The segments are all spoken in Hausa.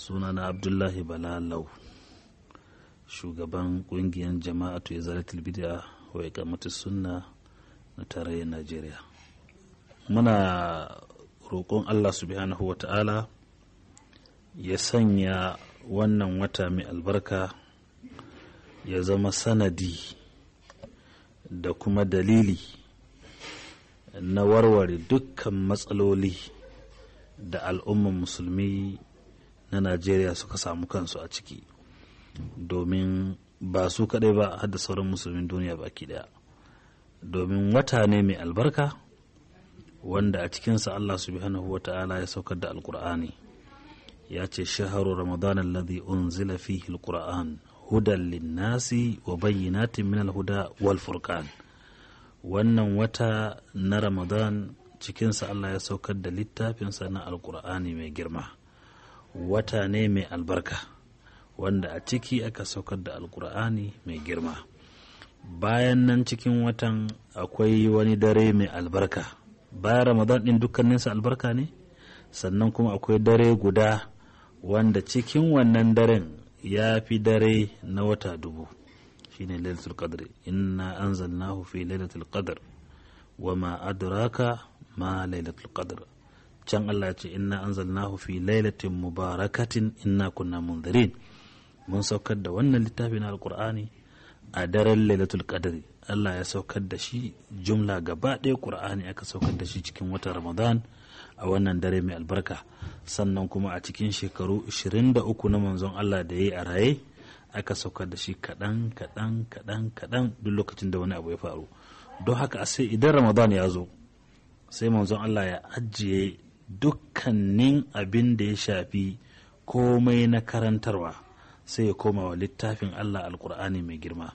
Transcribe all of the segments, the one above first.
Suna na abdullahi balalau shugaban kungiyar jama'atu ya zara tilbidiya wa ya kamata sunna na tarayyar najeriya muna roƙon allah subhanahu wa ta'ala ya sanya wannan wata mai albarka ya zama sanadi da kuma dalili na warware dukkan matsaloli da al'umman musulmi na najeriya suka samu kansu a ciki domin ba su kadai ba har da sauran musulmin duniya baki daya domin wata ne mai albarka wanda a cikinsa allah subhanahu wata'ala ya saukar da alkur'ani ya ce shaharu ramadan alladhi unzila fihi alquran hudan linnasi wa bayyinatin min alhuda wal furqan wannan wata na ramadan cikinsa allah ya saukar da littafinsa na alkur'ani mai girma wata ne mai albarka wanda a ciki aka saukar da alkur'ani mai girma bayan nan cikin watan akwai wani dare mai albarka bayan ramadan din dukkaninsa albarka ne sannan kuma akwai dare guda wanda cikin wannan daren ya fi dare na wata dubu Shi shine lailatul qadr inna anzalnahu fi lailatul qadr wa ma adraka ma lailatul qadr can Allah ce inna anzalnahu fi lailatin mubarakatin inna kunna munzirin mun saukar da wannan littafi na alkur'ani a daren lailatul qadri Allah ya saukar da shi jumla gaba ɗaya qur'ani aka saukar da shi cikin watan ramadan a wannan dare mai albarka sannan kuma a cikin shekaru 23 na manzon Allah da ya yi a raye aka saukar da shi kaɗan kaɗan kaɗan kaɗan duk lokacin da wani abu ya faru don haka sai idan ramadan ya zo sai manzon Allah ya ajiye dukkanin abin da ya shafi komai na karantarwa sai ya koma wa littafin Allah alkur'ani mai girma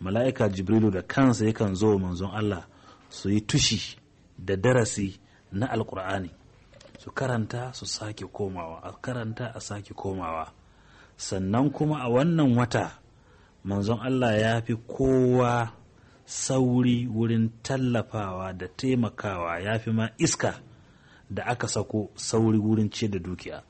mala'ika jibrilu da kansa yakan zo wa manzon Allah su yi tushi da darasi na alkur'ani su karanta su sake komawa a karanta a sake komawa sannan kuma a wannan wata manzon Allah ya fi kowa sauri wurin tallafawa da taimakawa ya fi ma iska da aka sako sauri wurin ce da dukiya